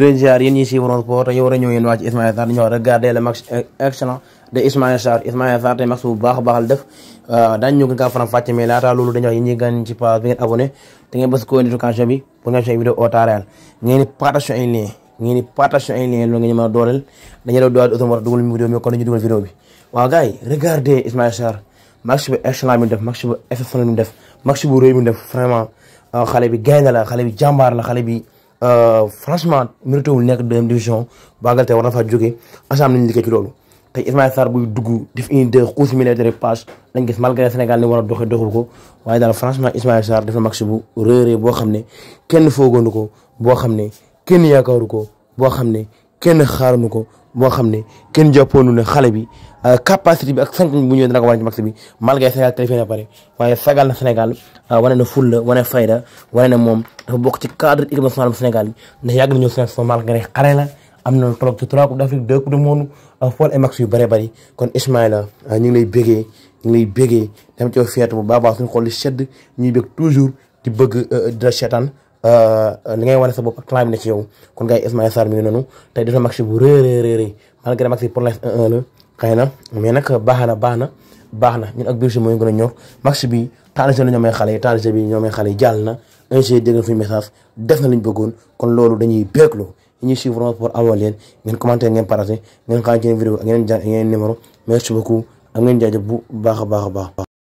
leen ziar yéen ñi si waroon sport te yow war a ñëw yéen waa ci Ismaïla Sarr di ñëw regarder le match euh, excellent de Ismaïla Sarr Ismaïla Sarr te match bu baax a baax la def euh, daañu ñu gën kaa faram fàcce mais laata loolu dañuy wax yéen ñi gan ci page bi ngeen abonné te ngeen bës ko notification bi pour ngeen seen vidéo au temps réel ngeen di partage ay lien ngeen di partage ay lien loolu ngeen mën a dooleel dañu la dooleel autom war a dugal vidéo mi kon dañu dugal vidéo bi waaw gars yi regarder Ismaïla Sarr match bu excellent bi def match bu exceptionnel bi def match bu rëy bi def vraiment euh, xale bi gaynde la xale bi jàmbaar la xale bi Euh, franchement mérité wul nekk deuxième division baagal tey war na faa jógee ensemble nañu liggéey ci loolu tey Ismaïla buy dugg def une deux course militaire de passe dañ gis malgré Sénégal ni war a doxee doxul ko waaye daal franchement Ismaïla Sarr def na match bu réeree boo xam ne kenn foogoonu ko boo xam ne kenn yaakaaru ko boo xam ne kenn xaaruñu ko mo xamné ken kenn ne xale bi capacité bi ak sant bu ñëw dina ko wane bi malgré Sénégal qualifié na pare waye sagal na Sénégal wane na fulla wane fayda wane na mom dafa bok ci cadre équipe nationale bu Sénégal ndax yag na ñëw Sénégal malgré xale la amna na trop ci trois coupe d'Afrique deux coupe du monde fool ay max yu bari bëri kon Ismaïla ñu ngi lay bégee ñu ngi lay bégee dem ci wax fierté bu baba suñu xol li sedd ñuy bëgg toujours di bëgg di la Euh, li ngay wane sa bopp ak temps bi ne ci yow kon gars yi Ismaïla Sarr mi ngi noonu tey def na match bu rëy rëy rëy malgré match bi pour l'instant 1 na mais nag baax na baax na baax na ñun a ñor match bi temps de jeu ñoo may xale bi ñoo may xale yi jàll na ingi dégg message def na li bëggoon kon loolu dañuy béekloo i ñuy suivre vraiment pour amoon leen ngeen commenté ngeen partagé ngeen xaar ci ngeen jàng ngeen numéro merci beaucoup ak ngeen jaajëf bu baax a baax a baax